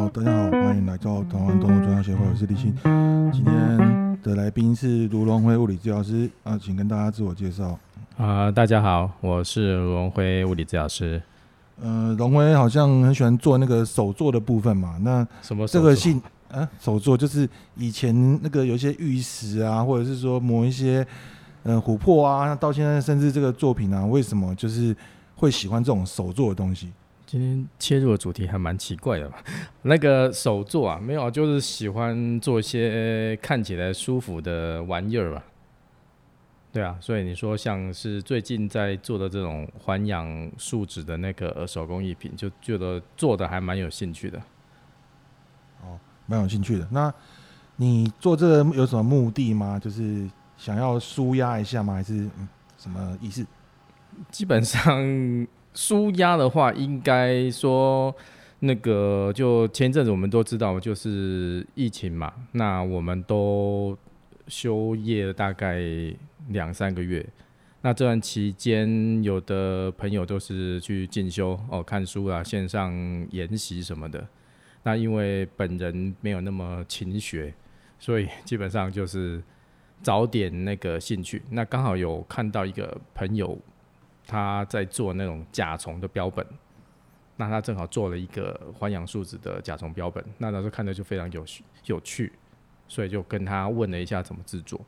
好，大家好，歡迎來到台灣動物專家協會，我是李欣。今天的來賓是盧榮輝物理治療師，啊，請跟大家自我介紹。啊、呃，大家好，我是榮輝物理治療師。呃，榮輝好像很喜歡做那個手作的部分嘛，那什麼這個性啊手作，就是以前那個有一些玉石啊，或者是說磨一些嗯、呃、琥珀啊，那到現在甚至這個作品啊，為什麼就是會喜歡這種手作的東西？今天切入的主題還蠻奇怪的吧？那個手做啊，沒有，就是喜歡做一些看起來舒服的玩意兒吧。對啊，所以你說像是最近在做的這種環氧樹脂的那個手工藝品，就覺得做的還蠻有興趣的。哦，蠻有興趣的。那你做這個有什麼目的嗎？就是想要舒壓一下嗎？還是，嗯，什麼意思？基本上。舒壓的話，應該說那個就前陣子我們都知道，就是疫情嘛，那我們都休業了大概兩三個月。那這段期間，有的朋友都是去進修哦，看書啊，線上研習什麼的。那因為本人沒有那麼勤學，所以基本上就是早點那個興趣。那剛好有看到一個朋友。他在做那種甲蟲的標本，那他正好做了一個環氧樹脂的甲蟲標本，那老師看着就非常有趣，有趣，所以就跟他問了一下怎麼製作，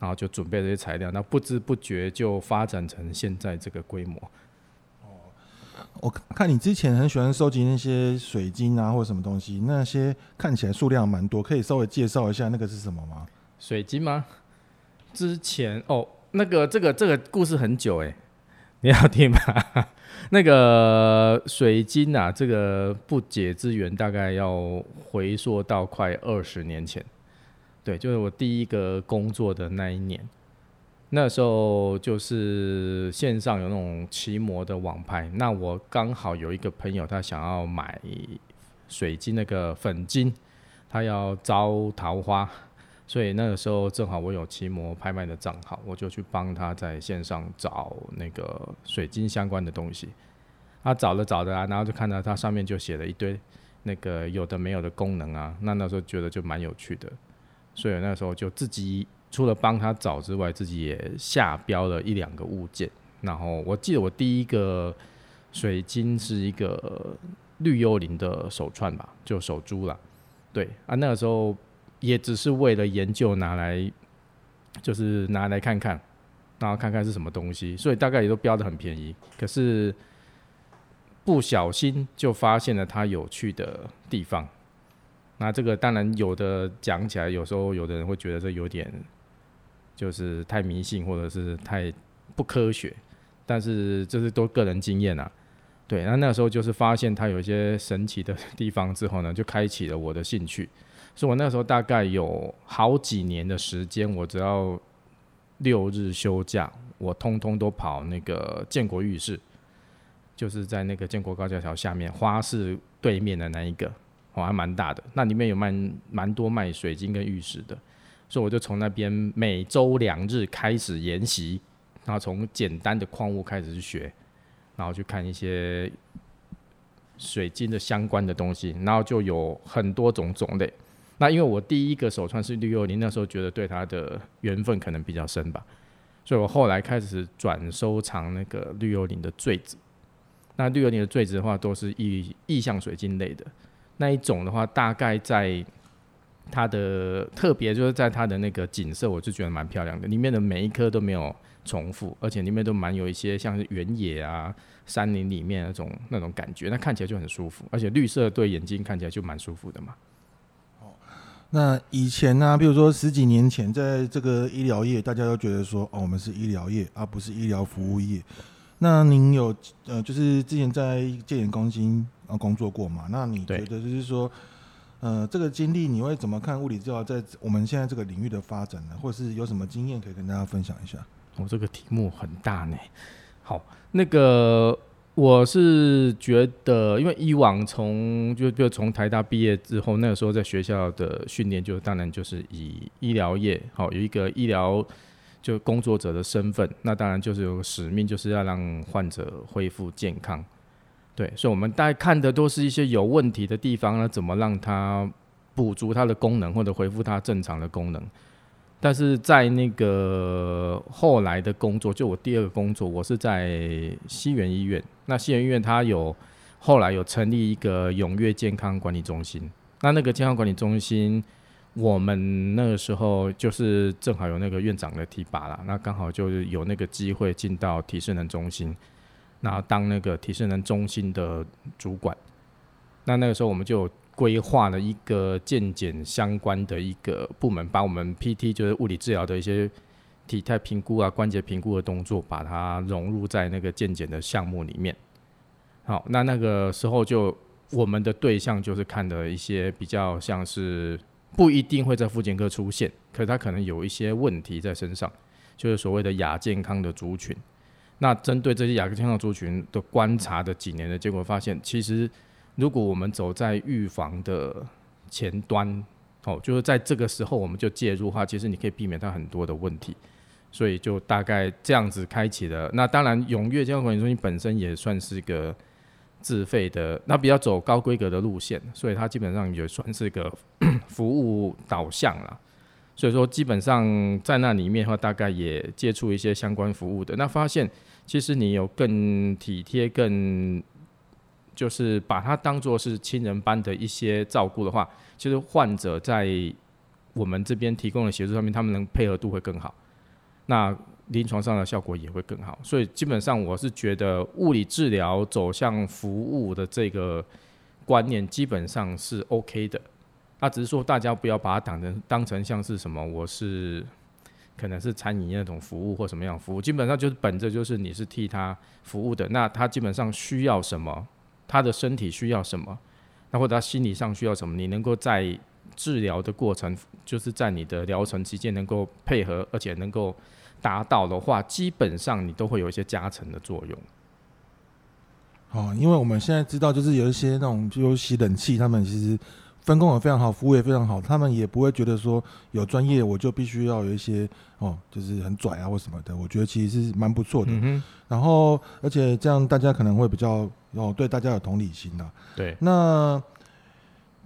然後就準備這些材料，那不知不覺就發展成現在這個規模。哦，我看你之前很喜歡收集那些水晶啊，或者什麼東西，那些看起來數量蠻多，可以稍微介紹一下那個是什麼嗎？水晶嗎？之前哦，那個這個這個故事很久哎、欸。你要聽嗎？ 那個水晶啊，這個不解之緣大概要回溯到快二十年前。對，就是我第一個工作的那一年，那時候就是線上有那種奇摩的網拍，那我剛好有一個朋友，他想要買水晶那個粉晶，他要招桃花。所以那個時候正好我有奇摩拍賣的賬號，我就去幫他在線上找那個水晶相關的東西。他、啊、找着找着啊，然後就看到他上面就寫了一堆那個有的沒有的功能啊。那那時候覺得就蠻有趣的，所以那時候就自己除了幫他找之外，自己也下標了一兩個物件。然後我記得我第一個水晶是一個綠幽靈的手串吧，就手珠啦。對啊，那個時候。也只是為了研究拿來，就是拿來看看，然後看看是什麼東西，所以大概也都標得很便宜。可是不小心就發現了它有趣的地方。那這個當然有的講起來，有時候有的人會覺得這有點就是太迷信或者是太不科學，但是這是都個人經驗啊。對，那那個時候就是發現它有一些神奇的地方之後呢，就開啟了我的興趣。所以，我那時候大概有好幾年的時間，我只要六日休假，我通通都跑那個建國玉石，就是在那個建國高架橋下面花市對面的那一個，哦，還蠻大的。那裡面有蠻蠻多賣水晶跟玉石的，所以我就從那邊每周兩日開始研習，然後從簡單的礦物開始去學，然後去看一些水晶的相關的東西，然後就有很多種種類。那因為我第一個手串是綠幽靈，那時候覺得對它的緣分可能比較深吧，所以我後來開始轉收藏那個綠幽靈的墜子。那綠幽靈的墜子的話，都是異異象水晶類的。那一種的話，大概在它的特別就是在它的那個景色，我就覺得蠻漂亮的。裡面的每一顆都沒有重複，而且裡面都蠻有一些像是原野啊、山林裡面那種那種感覺，那看起來就很舒服。而且綠色對眼睛看起來就蠻舒服的嘛。那以前呢、啊？比如說十幾年前，在這個醫療業，大家都覺得說，哦，我們是醫療業，而、啊、不是醫療服務業。那您有呃，就是之前在健研中心啊工作過嗎？那你覺得就是說，對呃，這個經歷你會怎麼看物理治療在我們現在這個領域的發展呢？或者是有什麼經驗可以跟大家分享一下？我、哦、這個題目很大呢。好，那個。我是覺得，因為以往從就就從台大畢業之後，那個時候在學校的訓練，就當然就是以醫療業，好、哦、有一個醫療就工作者的身份，那當然就是有使命，就是要讓患者恢復健康，對，所以，我們大家看的都是一些有問題的地方，那怎麼讓他補足他的功能，或者恢復他正常的功能。但是在那個後來的工作，就我第二個工作，我是在西園醫院。那西園醫院它有後來有成立一個永越健康管理中心。那那個健康管理中心，我們那個時候就是正好有那個院長的提拔了，那剛好就是有那個機會進到體適能中心，然後當那個體適能中心的主管。那那個時候我們就。規劃了一個健檢相關的一個部門，把我們 PT 就是物理治療的一些體態評估啊、關節評估的動作，把它融入在那個健檢的項目裡面。好，那那個時候就我們的對象就是看的一些比較像是不一定會在復健科出現，可是他可能有一些問題在身上，就是所謂的亞健康的族群。那針對這些亞健康族群的觀察的幾年的結果，發現其實。如果我們走在預防的前端，哦，就是在這個時候我們就介入的話，其實你可以避免它很多的問題，所以就大概這樣子開啟了。那當然，永越健康管理中心本身也算是個自費的，那比較走高規格的路線，所以它基本上也算是個 服務導向了。所以說，基本上在那裡面的話，大概也接觸一些相關服務的，那發現其實你有更體貼、更就是把它當做是親人般的一些照顧的話，其實患者在我們這邊提供的協助上面，他們能配合度會更好，那臨床上的效果也會更好。所以基本上我是覺得物理治療走向服務的這個觀念基本上是 OK 的。那只是說大家不要把它當成當成像是什麼，我是可能是餐飲業那種服務或什麼樣的服務。基本上就是本着就是你是替他服務的，那他基本上需要什麼。他的身體需要什麼，那或者他心理上需要什麼，你能夠在治療的過程，就是在你的療程期間能夠配合，而且能夠達到的話，基本上你都會有一些加成的作用。好、哦，因為我們現在知道，就是有一些那種，就如洗冷氣，他們其實分工也非常好，服務也非常好，他們也不會覺得說有專業我就必須要有一些哦，就是很拽啊或什麼的。我覺得其實是蠻不錯的。嗯、哼然後，而且這樣大家可能會比較。後、oh, 對，大家有同理心的、啊。對，那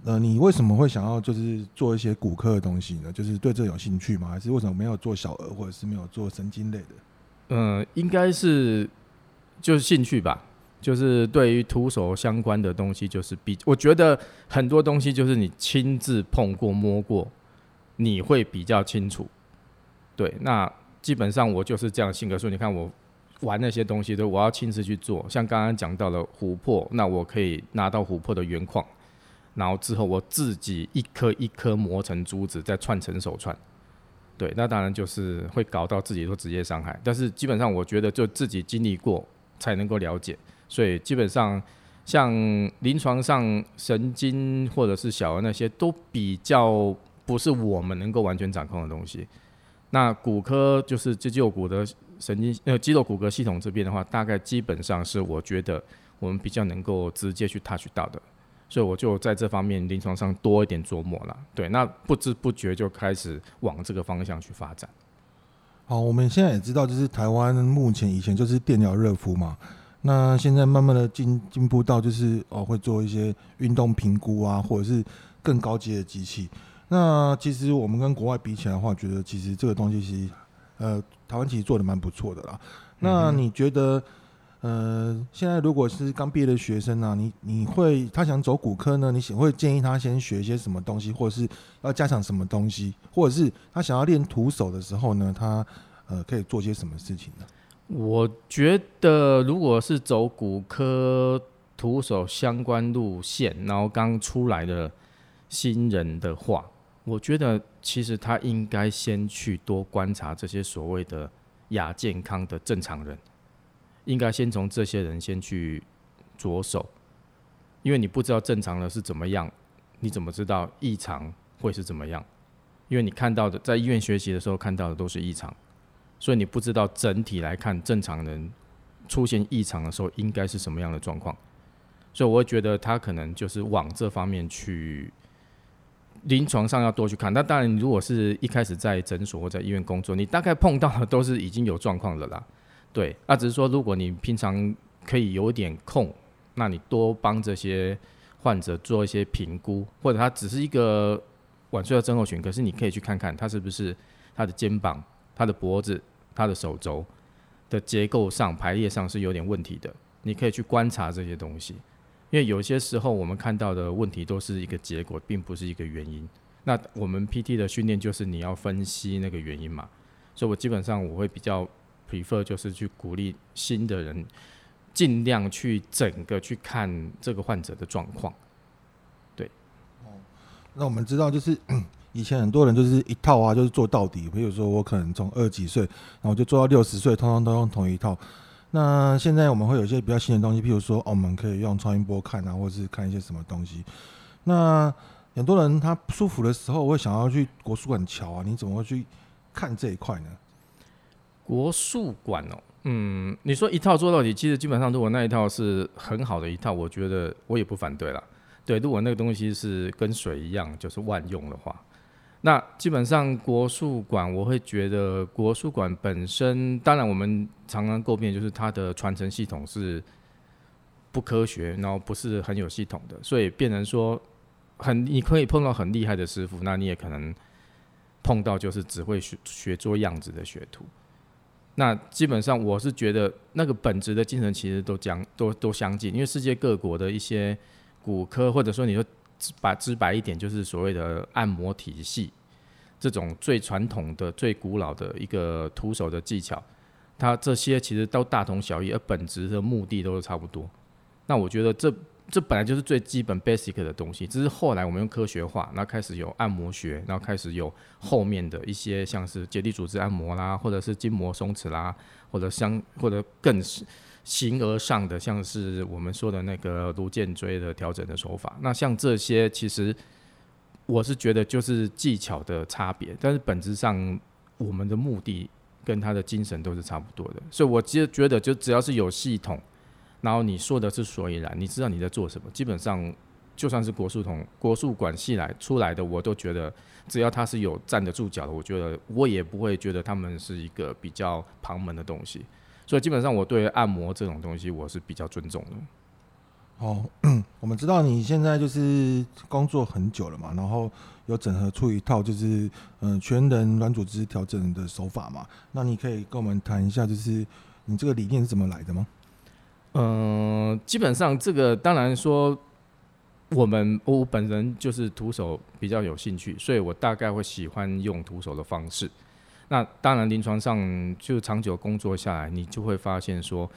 呃，你為什麼會想要就是做一些骨科的東西呢？就是對這有興趣嗎？還是為什麼沒有做小兒，或者是沒有做神經類的？嗯、呃，應該是就是興趣吧。就是對於徒手相關的東西，就是比我覺得很多東西就是你親自碰過、摸過，你會比較清楚。對，那基本上我就是這樣性格，所以你看我。玩那些東西，都我要親自去做。像剛剛講到的琥珀，那我可以拿到琥珀的原礦，然後之後我自己一顆一顆磨成珠子，再串成手串。對，那當然就是會搞到自己都職業傷害。但是基本上，我覺得就自己經歷過才能夠了解。所以基本上，像臨床上神經或者是小兒那些，都比較不是我們能夠完全掌控的東西。那骨科就是接救骨的、神經呃肌肉骨骼系統這邊的話，大概基本上是我覺得我們比較能夠直接去 touch 到的，所以我就在這方面臨床上多一點琢磨了。對，那不知不覺就開始往這個方向去發展。好，我們現在也知道，就是台灣目前以前就是電療熱敷嘛，那現在慢慢的進進步到就是哦會做一些運動評估啊，或者是更高級的機器。那其實我們跟國外比起來的話，覺得其實這個東西是。呃，台灣其實做的蠻不錯的啦。那你覺得，嗯哼，呃，現在如果是剛畢業的學生呢，啊，你你會他想走骨科呢？你會建議他先學一些什麼東西，或者是要加強什麼東西，或者是他想要練徒手的時候呢，他呃可以做些什麼事情呢？我覺得，如果是走骨科徒手相關路線，然後剛出來的新人的話，我覺得。其實他應該先去多觀察這些所謂的亞健康的正常人，應該先從這些人先去着手，因為你不知道正常的是怎麼樣，你怎麼知道異常會是怎麼樣？因為你看到的，在醫院學習的時候看到的都是異常，所以你不知道整體來看正常人出現異常的時候應該是什麼樣的狀況，所以我會覺得他可能就是往這方面去。臨床上要多去看，那當然，如果是一開始在診所或在醫院工作，你大概碰到的都是已經有狀況了啦。對，那只是說如果你平常可以有點空，那你多幫這些患者做一些評估，或者他只是一個晚睡的症候群，可是你可以去看看他是不是他的肩膀、他的脖子、他的手肘的結構上排列上是有點問題的，你可以去觀察這些東西。因為有些時候我們看到的問題都是一個結果，並不是一個原因。那我們 PT 的訓練就是你要分析那個原因嘛。所以我基本上我會比較 prefer 就是去鼓勵新的人尽量去整個去看這個患者的狀況。對。那我們知道，就是以前很多人就是一套啊，就是做到底。比如說我可能從二十幾歲，然後就做到六十歲，通通都用同一套。那現在我們會有一些比較新的東西，譬如說，哦，我們可以用超音波看啊，或者是看一些什麼東西。那很多人他不舒服的時候，會想要去國術館喬啊。你怎麼會去看這一塊呢？國術館哦，嗯，你說一套做到底，其實基本上如果那一套是很好的一套，我覺得我也不反對啦。對，如果那個東西是跟水一樣，就是萬用的話。那基本上，國術館我會覺得國術館本身，當然我們常常詬病就是它的傳承系統是不科學，然後不是很有系統的，所以變成說很，你可以碰到很厲害的師傅，那你也可能碰到就是只會學學做樣子的學徒。那基本上我是覺得那個本質的精神其實都將都都相近，因為世界各國的一些骨科或者說你說。白、直白一點，就是所謂的按摩體系，這種最傳統的、最古老的一個徒手的技巧，它這些其實都大同小異，而本質的目的都是差不多。那我覺得這這本來就是最基本 basic 的東西，只是後來我們用科學化，那開始有按摩學，然後開始有後面的一些，像是結締組織按摩啦，或者是筋膜鬆弛啦，或者相或者更。形而上的，像是我們說的那個顱薦椎的調整的手法，那像這些其實我是覺得就是技巧的差別，但是本質上我們的目的跟他的精神都是差不多的，所以我其實覺得就只要是有系統，然後你說的是所以然，你知道你在做什麼，基本上就算是國術統國術館系來出來的，我都覺得只要他是有站得住腳的，我覺得我也不會覺得他們是一個比較旁門的東西。所以基本上，我對按摩這種東西，我是比較尊重的哦。哦，我們知道你現在就是工作很久了嘛，然後有整合出一套就是嗯、呃，全人軟組織調整的手法嘛。那你可以跟我們談一下，就是你這個理念是怎麼來的嗎？嗯、呃，基本上這個，當然說我們我本人就是徒手比較有興趣，所以我大概會喜歡用徒手的方式。那當然，臨床上就長久工作下來，你就會發現說，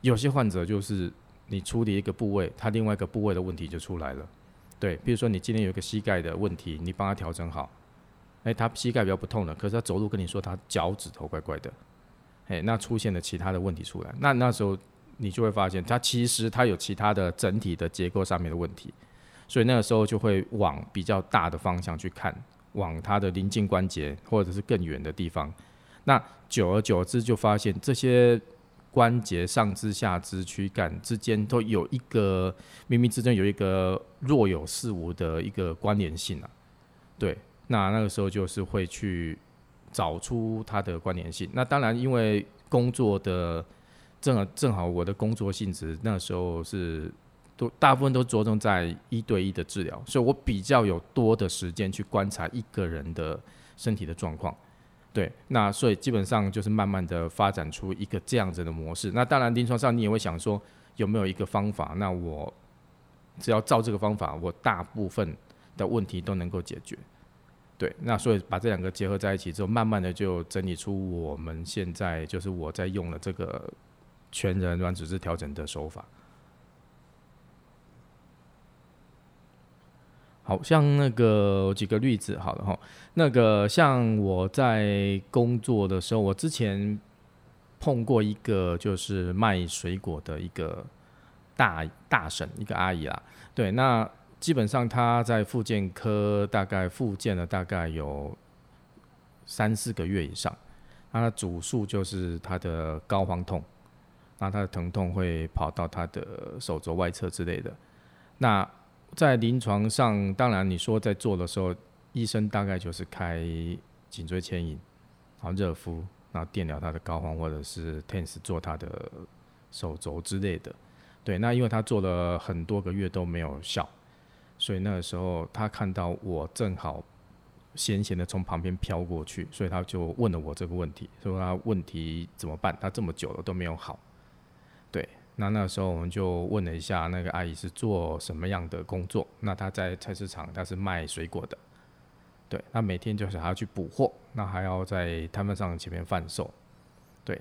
有些患者就是你處理一個部位，他另外一個部位的問題就出來了。對，比如說你今天有一個膝蓋的問題，你幫他調整好，誒，他膝蓋比較不痛了，可是他走路跟你說他腳趾頭怪怪的，誒，那出現了其他的問題出來，那那時候你就會發現他其實他有其他的整體的結構上面的問題，所以那個時候就會往比較大的方向去看。往他的鄰近關節，或者是更遠的地方，那久而久之就發現這些關節上肢、下肢、軀幹之間都有一個，冥冥之中有一個若有似無的一個關聯性啊。對，那那個時候就是會去找出它的關聯性。那當然，因為工作的正好正好我的工作性質，那時候是。都大部分都着重在一對一的治療，所以我比較有多的時間去觀察一個人的身體的狀況。對，那所以基本上就是慢慢的發展出一個這樣子的模式。那當然，臨床上你也會想說，有沒有一個方法？那我只要照這個方法，我大部分的問題都能夠解決。對，那所以把這兩個結合在一起之後，慢慢的就整理出我們現在就是我在用了這個全人軟組織調整的手法。好像那個我舉個例子，好了哈，那個像我在工作的時候，我之前碰過一個就是賣水果的一個大大嬸，一個阿姨啊。對，那基本上她在復健科大概復健了大概有三四個月以上，她的主訴就是她的膏肓痛，那她的疼痛會跑到她的手肘外側之類的，那。在臨床上，當然你說在做的時候，醫生大概就是開頸椎牽引，啊熱敷，然後電療他的膏肓，或者是 TENS 做他的手肘之類的，對，那因為他做了很多個月都沒有效，所以那個時候他看到我正好閒閒的從旁邊飄過去，所以他就問了我這個問題，說他問題怎麼辦？他這麼久了都沒有好。那那時候我們就問了一下那個阿姨，是做什麼樣的工作？那她在菜市場，她是賣水果的。對，她每天就是還要去補貨，那還要在攤販上前面販售。對，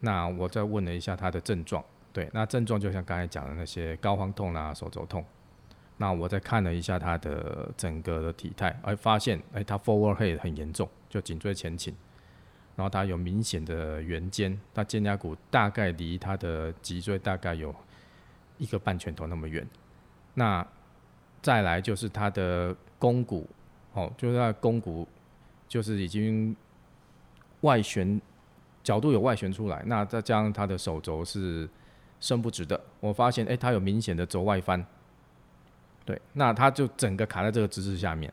那我再問了一下她的症狀，對，那症狀就像剛才講的那些膏肓痛啊、手肘痛。那我再看了一下她的整個的體態，而發現誒、欸，她 forward head 很嚴重，就頸椎前傾。然後他有明顯的圓肩，他肩胛骨大概離他的脊椎大概有一個半拳頭那麼遠。那再來就是他的肱骨，哦，就是肱骨就是已經外旋，角度有外旋出來。那再加上他的手肘是伸不直的，我發現哎，他有明顯的肘外翻。對，那他就整個卡在這個姿勢下面。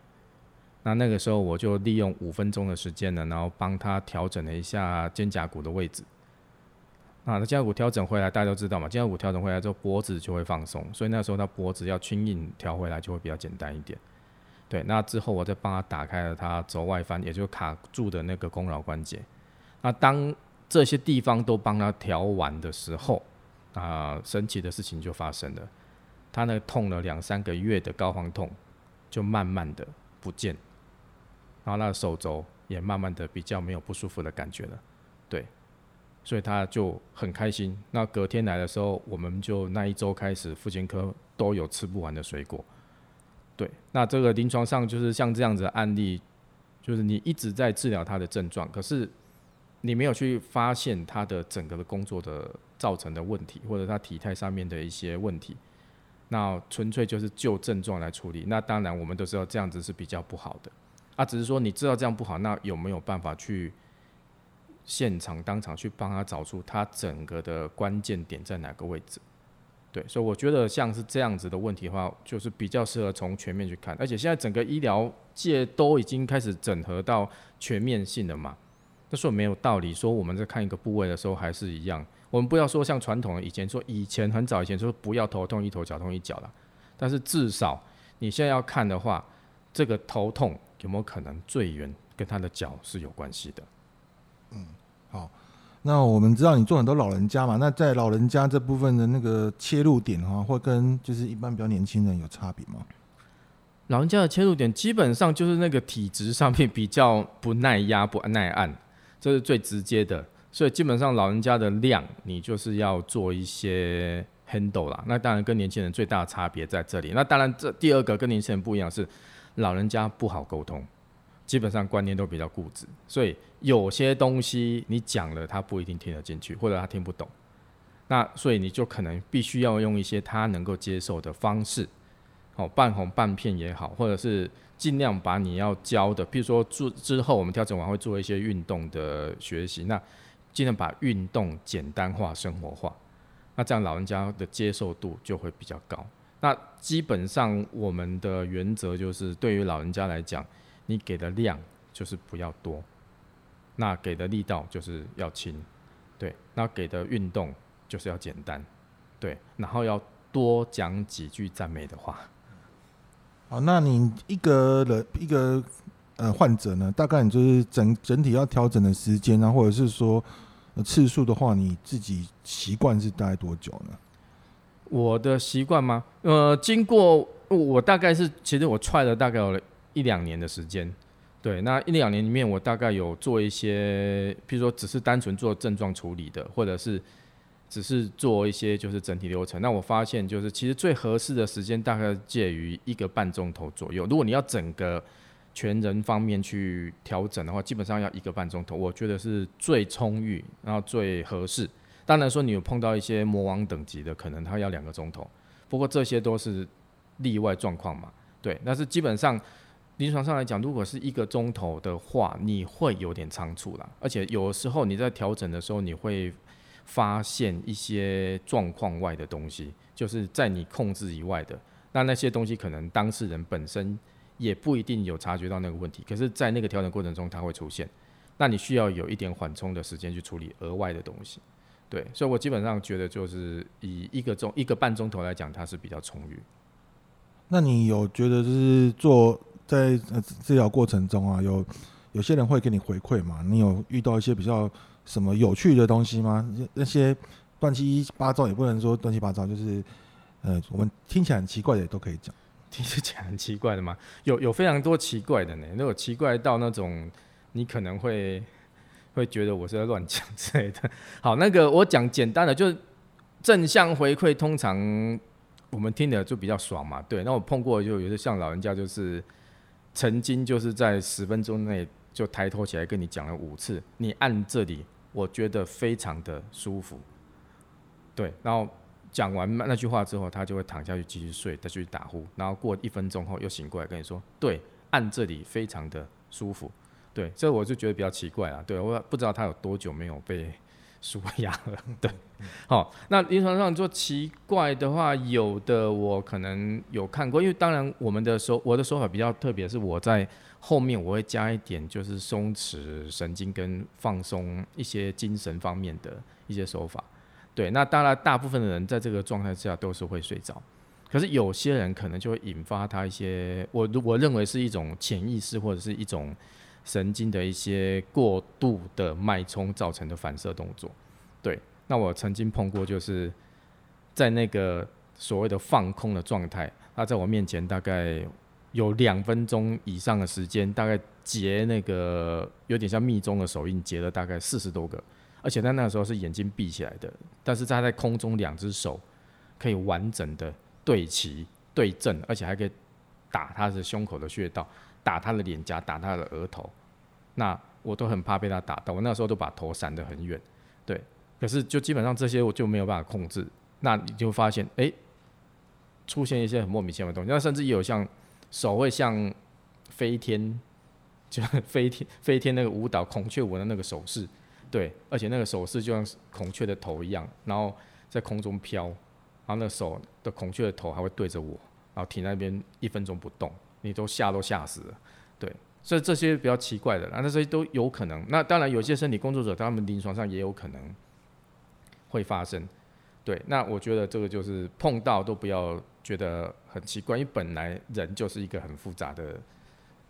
那那個時候我就利用五分鐘的時間呢，然後幫他調整了一下肩胛骨的位置。那肩胛骨調整回來，大家都知道嘛，肩胛骨調整回來之後，脖子就會放鬆，所以那時候他脖子要牽引調回來就會比較簡單一點。對，那之後我再幫他打開了他肘外翻，也就是卡住的那個肱橈關節。那當這些地方都幫他調完的時候，啊、呃，神奇的事情就發生了，他那個痛了兩三個月的膏肓痛，就慢慢的不見。然後那手肘也慢慢的比較沒有不舒服的感覺了，對，所以他就很開心。那隔天來的時候，我們就那一週開始，婦產科，都有吃不完的水果，對。那這個臨床上就是像這樣子的案例，就是你一直在治療他的症狀，可是你沒有去發現他的整個的工作的造成的問題，或者他體態上面的一些問題，那純粹就是就症狀來處理。那當然我們都知道這樣子是比較不好的。啊，只是說你知道這樣不好，那有沒有辦法去現場當場去幫他找出他整個的關鍵點在哪個位置？對，所以我覺得像是這樣子的問題的話，就是比較適合從全面去看。而且現在整個醫療界都已經開始整合到全面性了嘛，那說沒有道理說我們在看一個部位的時候還是一樣。我們不要說像傳統的以前說，以前很早以前說不要頭痛一頭腳痛一腳了，但是至少你現在要看的話，這個頭痛。有沒有可能最遠跟他的腳是有關係的？嗯，好，那我們知道你做很多老人家嘛，那在老人家這部分的那個切入點的話，會跟就是一般比較年輕人有差別嗎？老人家的切入點基本上就是那個體質上面比較不耐壓，不耐按，這是最直接的，所以基本上老人家的量你就是要做一些 handle 啦。那當然跟年輕人最大的差別在這裡。那當然這第二個跟年輕人不一樣是。老人家不好溝通，基本上觀念都比較固執，所以有些東西你講了他不一定聽得進去，或者他聽不懂，那所以你就可能必須要用一些他能夠接受的方式，好，哦，半哄半騙也好，或者是盡量把你要教的，譬如說做之後我們調整完會做一些運動的學習，那盡量把運動簡單化、生活化，那這樣老人家的接受度就會比較高。那基本上我們的原則就是，對於老人家來講，你給的量就是不要多，那給的力道就是要輕，對，那給的運動就是要簡單，對，然後要多講幾句讚美的話。好，那你一個人一個呃患者呢，大概你就是整整體要調整的時間啊，或者是說次數的話，你自己習慣是大概多久呢？我的習慣嗎？呃，經過我大概是，其實我 try 了大概有一兩年的時間。對，那一兩年裡面，我大概有做一些，譬如說只是單純做症狀處理的，或者是只是做一些就是整體流程。那我發現，就是其實最合適的時間大概介於一個半鐘頭左右。如果你要整個全人方面去調整的話，基本上要一個半鐘頭，我覺得是最充裕，然後最合適。當然說，你有碰到一些魔王等級的，可能他要兩個鐘頭。不過這些都是例外狀況嘛。對，但是基本上臨床上來講，如果是一個鐘頭的話，你會有點倉促啦。而且有時候你在調整的時候，你會發現一些狀況外的東西，就是在你控制以外的。那那些東西可能當事人本身也不一定有察覺到那個問題，可是，在那個調整過程中它會出現。那你需要有一點緩衝的時間去處理額外的東西。對，所以我基本上覺得，就是以一個鐘、一個半鐘頭來講，它是比較充裕。那你有覺得，就是做在、呃、治療過程中啊，有有些人會給你回饋嗎？你有遇到一些比較什麼有趣的東西嗎？那些亂七八糟也不能說亂七八糟，就是、呃、我們聽起來很奇怪的，也都可以講。聽起來很奇怪的嗎？有有非常多奇怪的呢，有奇怪到那種，你可能會。會覺得我是在亂講之類的。好，那個我講簡單的，就是正向回饋，通常我們聽的就比較爽嘛。對，那我碰過就有些像老人家，就是曾經就是在十分鐘內就抬頭起來跟你講了五次，你按這裡，我覺得非常的舒服。對，然後講完那句話之後，他就會躺下去繼續睡，再去打呼，然後過一分鐘後又醒過來跟你說，對，按這裡非常的舒服。對，所以我就覺得比較奇怪了。對，我不知道他有多久沒有被舒壓了。對，好、嗯哦，那臨床上說奇怪的話，有的我可能有看過，因為當然我們的說我的手法比較特別，是我在後面我會加一點就是鬆弛神經跟放鬆一些精神方面的一些手法。對，那當然大部分的人在這個狀態之下都是會睡着，可是有些人可能就會引發他一些我我認為是一種潛意識或者是一種。神經的一些過度的脈衝造成的反射動作，對。那我曾經碰過，就是在那個所謂的放空的狀態，他在我面前大概有兩分鐘以上的時間，大概結那個有點像密宗的手印，結了大概四十多個，而且在那個時候是眼睛閉起來的，但是他在空中兩只手可以完整的對齊對正，而且還可以打他的胸口的穴道。打他的臉頰，打他的額頭，那我都很怕被他打到。我那時候都把頭閃得很遠，對。可是就基本上這些我就沒有辦法控制。那你就發現，哎、欸，出現一些很莫名其妙的東西。那甚至也有像手會像飛天，就飛天飛天那個舞蹈孔雀舞的那個手勢，對。而且那個手勢就像孔雀的頭一樣，然後在空中飄，然後那個手的孔雀的頭還會對着我，然後停在那邊一分鐘不動。你都嚇都嚇死了，對，這這些比較奇怪的，那這些都有可能。那當然，有些身體工作者，他們臨床上也有可能會發生。對，那我覺得這個就是碰到都不要覺得很奇怪，因為本來人就是一個很複雜的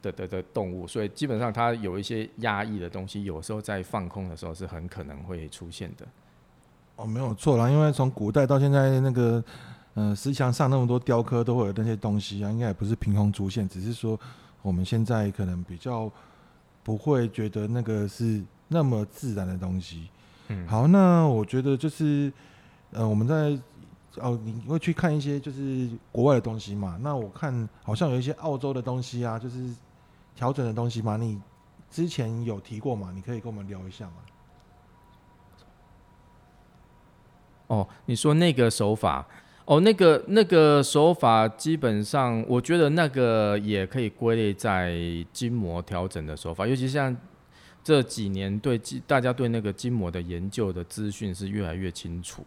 的的的動物，所以基本上他有一些壓抑的東西，有時候在放空的時候是很可能會出現的。哦，沒有錯啦，因為從古代到現在那個。嗯，石牆、呃、上那麼多雕刻，都會有那些東西啊，應該也不是憑空出現，只是說我們現在可能比較不會覺得那個是那麼自然的東西。嗯，好，那我覺得就是，呃，我們在哦，你會去看一些就是國外的東西嘛？那我看好像有一些澳洲的東西啊，就是調整的東西嘛。你之前有提過嘛？你可以跟我們聊一下嘛。哦，你說那個手法。哦，那個那個手法基本上，我覺得那個也可以歸類在筋膜調整的手法，尤其像這幾年對大家對那個筋膜的研究的資訊是越來越清楚，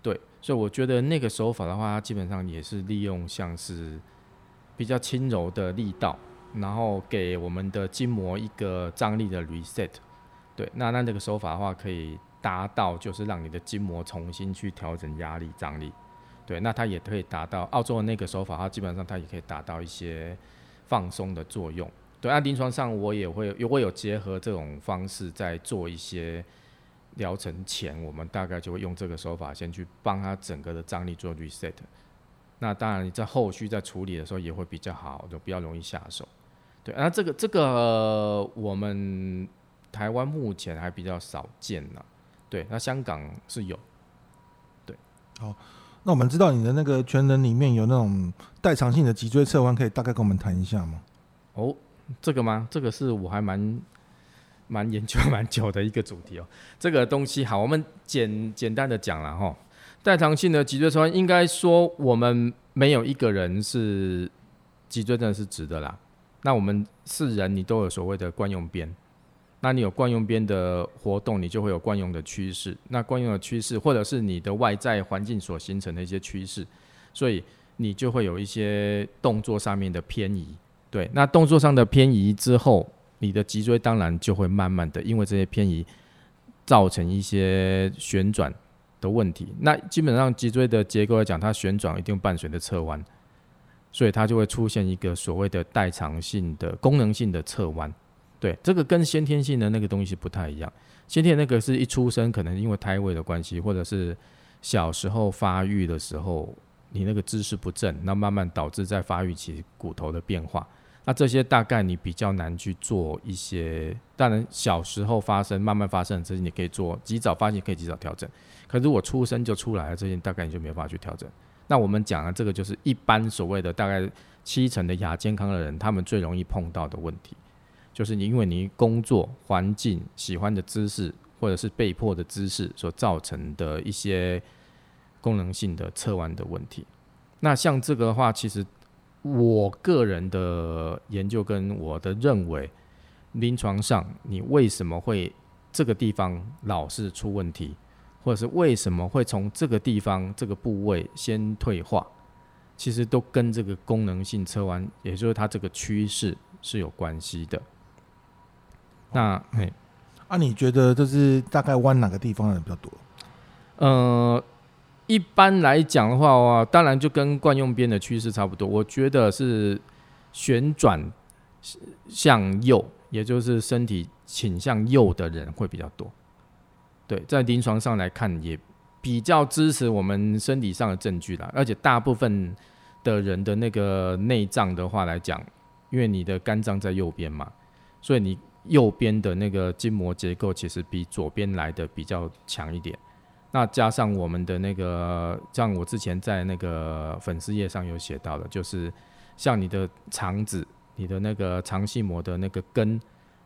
對，所以我覺得那個手法的話，它基本上也是利用像是比較輕柔的力道，然後給我們的筋膜一個張力的 reset，對，那那這個手法的話，可以達到就是讓你的筋膜重新去調整壓力張力。對，那他也可以達到澳洲的那個手法，它基本上它也可以達到一些放鬆的作用。對，那臨床上我也會，也會有結合這種方式在做一些療程前，我們大概就會用這個手法先去幫他整個的張力做 reset。那當然在後續在處理的時候也會比較好，就比較容易下手。對，那這個這個我們台灣目前還比較少見呢、啊。對，那香港是有。對，好。那我們知道你的那個全人裡面有那種代償性的脊椎側彎，可以大概跟我們談一下嗎？哦，這個嗎？這個是我還蠻蠻研究蠻久的一個主題哦。這個東西好，我們簡簡單的講了吼。代償性的脊椎側彎，應該說我們沒有一個人是脊椎真的是直的啦。那我們是人，你都有所謂的慣用邊。那你有慣用邊的活動，你就會有慣用的趨勢。那慣用的趨勢，或者是你的外在環境所形成的一些趨勢，所以你就會有一些動作上面的偏移。對，那動作上的偏移之後，你的脊椎當然就會慢慢的，因為這些偏移造成一些旋轉的問題。那基本上脊椎的結構來講，它旋轉一定伴隨着側彎，所以它就會出現一個所謂的代償性的功能性的側彎。對，這個跟先天性的那個東西不太一樣。先天那個是一出生可能因為胎位的關係，或者是小時候發育的時候你那個姿勢不正，那慢慢導致在發育期骨頭的變化。那這些大概你比較難去做一些，當然小時候發生、慢慢發生的這些你可以做，及早發現可以及早調整。可是如果出生就出來了，這些大概你就沒有辦法去調整。那我們講了這個就是一般所謂的大概七成的亞健康的人，他們最容易碰到的問題。就是你因為你工作環境喜歡的姿勢，或者是被迫的姿勢所造成的一些功能性的側彎的問題。那像這個的話，其實我個人的研究跟我的認為，臨床上你為什麼會這個地方老是出問題，或者是為什麼會從這個地方這個部位先退化，其實都跟這個功能性側彎，也就是它這個趨勢是有關係的。那哎，那、啊，你覺得就是大概彎哪個地方的人比較多？呃，一般來講的話、啊，當然就跟慣用邊的趨勢差不多。我覺得是旋轉向右，也就是身體傾向右的人會比較多。對，在臨床上來看，也比較支持我們身體上的證據啦。而且大部分的人的那個內臟的話來講，因為你的肝臟在右邊嘛，所以你。右邊的那個筋膜結構其實比左邊來的比較強一點，那加上我們的那個，像我之前在那個粉絲頁上有寫到的，就是像你的腸子、你的那個腸繫膜的那個根，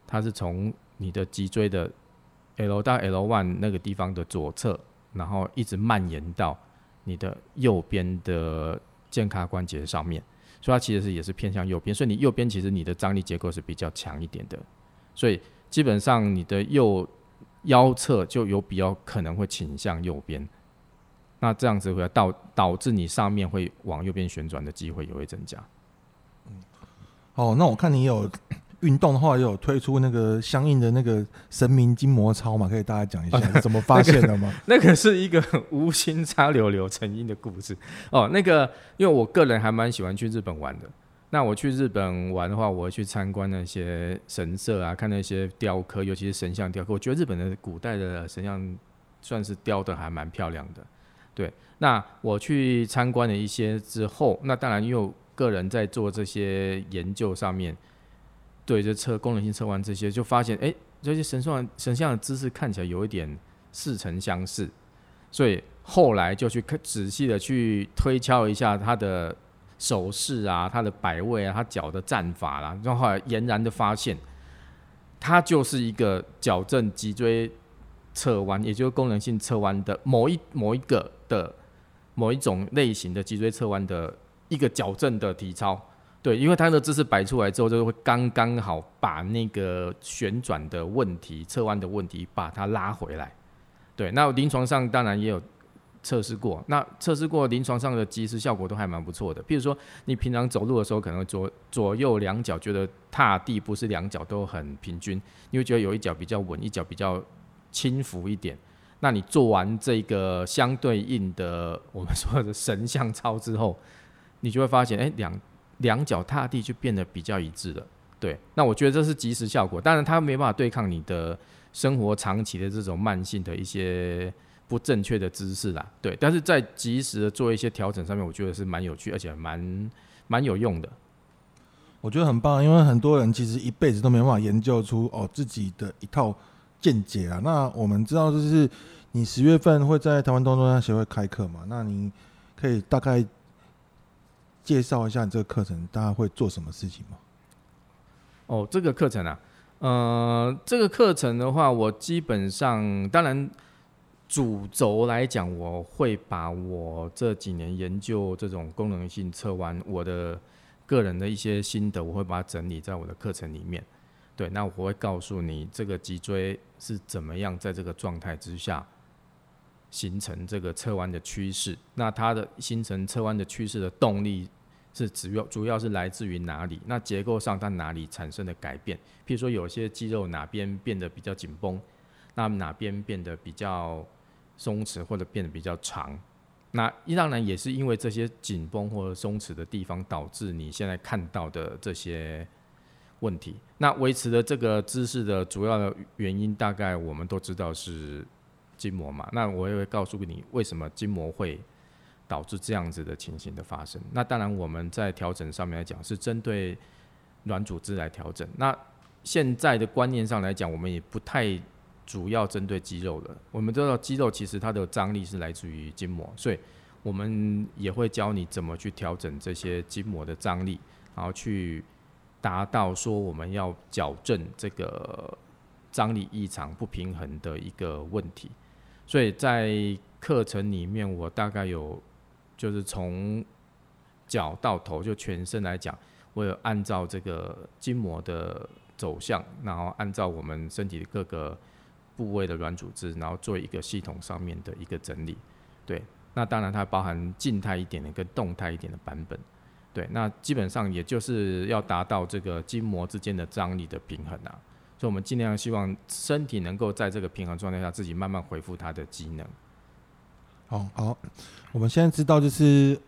它是從你的脊椎的 L 到 L1 那個地方的左側，然後一直蔓延到你的右邊的健康關節上面，所以它其實是也是偏向右邊，所以你右邊其實你的張力結構是比較強一點的。所以基本上你的右腰側就有比較可能會傾向右邊，那這樣子會導導致你上面會往右邊旋轉的機會也會增加。哦，那我看你有運動的話，也有推出那個相應的那個神明筋膜操嘛，可以大家講一下、啊、怎麼發現的嗎、？ 那個？那個是一個無心插柳柳成蔭的故事哦。那個因為我個人還蠻喜歡去日本玩的。那我去日本玩的話，我去參觀那些神社啊，看那些雕刻，尤其是神像雕刻。我覺得日本的古代的神像算是雕得還蠻漂亮的。對，那我去參觀了一些之後，那當然因為我個人在做這些研究上面，對這測功能性測完這些，就發現哎，這些神像神像的姿勢看起來有一點似曾相識，所以後來就去仔細的去推敲一下它的。手勢啊，他的擺位啊，他腳的站法啦、啊，然後後來儼然的發現，他就是一個矯正脊椎側彎，也就是功能性側彎的某一某一個的某一種類型的脊椎側彎的一個矯正的體操。對，因為他的姿勢擺出來之後，就會剛剛好把那個旋轉的問題、側彎的問題把它拉回來。對，那臨床上當然也有。測試過，那測試過臨床上的即時效果都還蠻不錯的。比如說，你平常走路的時候，可能左左右兩腳覺得踏地不是兩腳都很平均，你會覺得有一腳比較穩，一腳比較輕浮一點。那你做完這個相對應的我們說的神像操之後，你就會發現，哎，兩兩腳踏地就變得比較一致了。對，那我覺得這是即時效果，當然它沒辦法對抗你的生活長期的這種慢性的一些。不正確的姿勢啦，對，但是在及時的做一些調整上面，我覺得是蠻有趣，而且蠻蠻有用的。我覺得很棒，因為很多人其實一輩子都沒辦法研究出哦自己的一套見解啊。那我們知道，就是你十月份會在台灣東中商學會開課嘛？那你可以大概介紹一下你這個課程大概會做什麼事情嗎？哦，這個課程啊，呃，這個課程的話，我基本上當然，主軸來講，我會把我這幾年研究這種功能性側彎，我的個人的一些心得，我會把它整理在我的課程裡面。對，那我會告訴你，這個脊椎是怎麼樣在這個狀態之下形成這個側彎的趨勢。那它的形成側彎的趨勢的動力是主要主要是來自於哪裡？那結構上它哪裡產生的改變？譬如說有些肌肉哪邊變得比較緊繃，那哪邊變得比較。鬆弛或者變得比較長，那當然也是因為這些緊繃或者鬆弛的地方導致你現在看到的這些問題。那維持的這個姿勢的主要的原因，大概我們都知道是筋膜嘛。那我也會告訴你為什麼筋膜會導致這樣子的情形的發生。那當然我們在調整上面來講，是針對軟組織來調整。那現在的觀念上來講，我們也不太。主要針對肌肉的，我們知道肌肉其實它的張力是來自於筋膜，所以我們也會教你怎麼去調整這些筋膜的張力，然後去達到說我們要矯正這個張力異常不平衡的一個問題。所以在課程裡面，我大概有就是從腳到頭，就全身來講，我有按照這個筋膜的走向，然後按照我們身體的各個。部位的軟組織，然後做一個系統上面的一個整理，對，那當然它包含靜態一點的跟動態一點的版本，對，那基本上也就是要達到這個筋膜之間的張力的平衡啊，所以我們盡量希望身體能夠在這個平衡狀態下自己慢慢恢復它的機能。哦，好，我們現在知道就是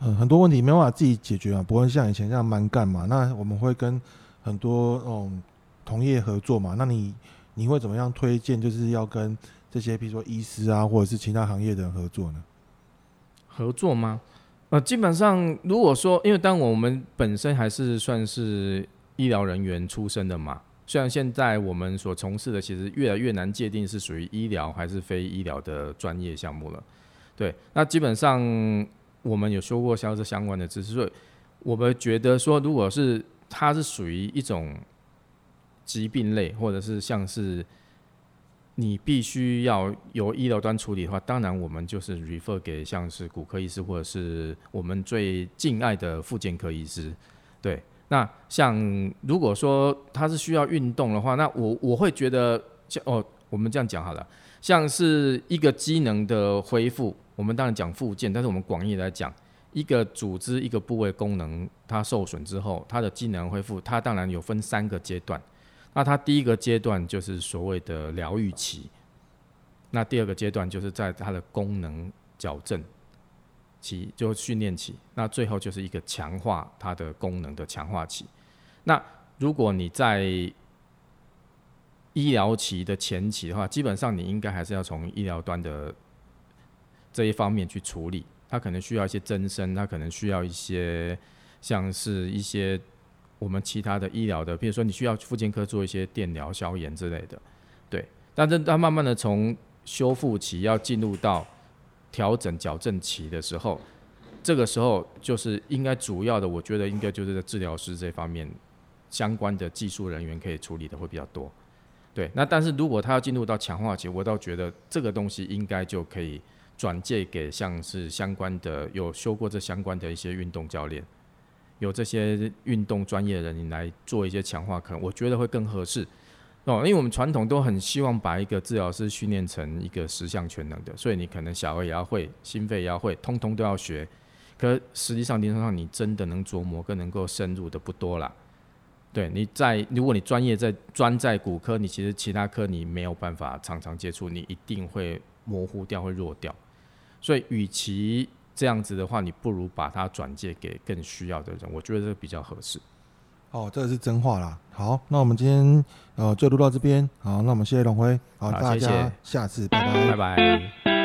嗯很多問題沒辦法自己解決啊，不會像以前這樣蠻幹嘛，那我們會跟很多嗯同業合作嘛，那你。你會怎麼樣推薦？就是要跟這些，比如說醫師啊，或者是其他行業的人合作呢？合作嗎？呃，基本上，如果說，因為當我們本身還是算是醫療人員出身的嘛，雖然現在我們所從事的其實越來越難界定是屬於醫療還是非醫療的專業項目了。對，那基本上我們有修過銷售相關的知識，所以我們覺得說，如果是它是屬於一種。疾病類，或者是像是你必須要由醫療端處理的話，當然我們就是 refer 給像是骨科醫師，或者是我們最敬愛的復健科醫師。對，那像如果說他是需要運動的話，那我我會覺得像，哦，我們這樣講好了，像是一個機能的恢復，我們當然講復健，但是我們廣義來講，一個組織一個部位功能它受損之後，它的機能恢復，它當然有分三個階段。那它第一個階段就是所謂的療癒期，那第二個階段就是在它的功能矯正期，就訓練期，那最後就是一個強化它的功能的強化期。那如果你在醫療期的前期的話，基本上你應該還是要從醫療端的這一方面去處理，它可能需要一些增生，它可能需要一些像是一些。我們其他的醫療的，譬如說，你需要復健科做一些電療、消炎之類的，對。但是他慢慢的從修復期要進入到調整矯正期的時候，這個時候就是應該主要的，我覺得應該就是在治療師這方面相關的技術人員可以處理的會比較多，對。那但是如果他要進入到強化期，我倒覺得這個東西應該就可以轉介給像是相關的有修過這相關的一些運動教練。有這些運動專業的人，你來做一些強化，可能我覺得會更合適哦。因為我們傳統都很希望把一個治療師訓練成一個十項全能的，所以你可能小兒也要會，心肺也要會，通通都要學。可實際上臨床上你真的能琢磨，更能夠深入的不多啦。對你在，如果你專業在專在骨科，你其實其他科你沒有辦法常常接觸，你一定會模糊掉，會弱掉。所以與其這樣子的話，你不如把它轉借給更需要的人，我覺得這個比較合適。哦，這個是真話啦。好，那我們今天呃就錄到這邊。好，那我們謝謝榮輝。好，好大家謝謝，下次拜拜。拜拜拜拜。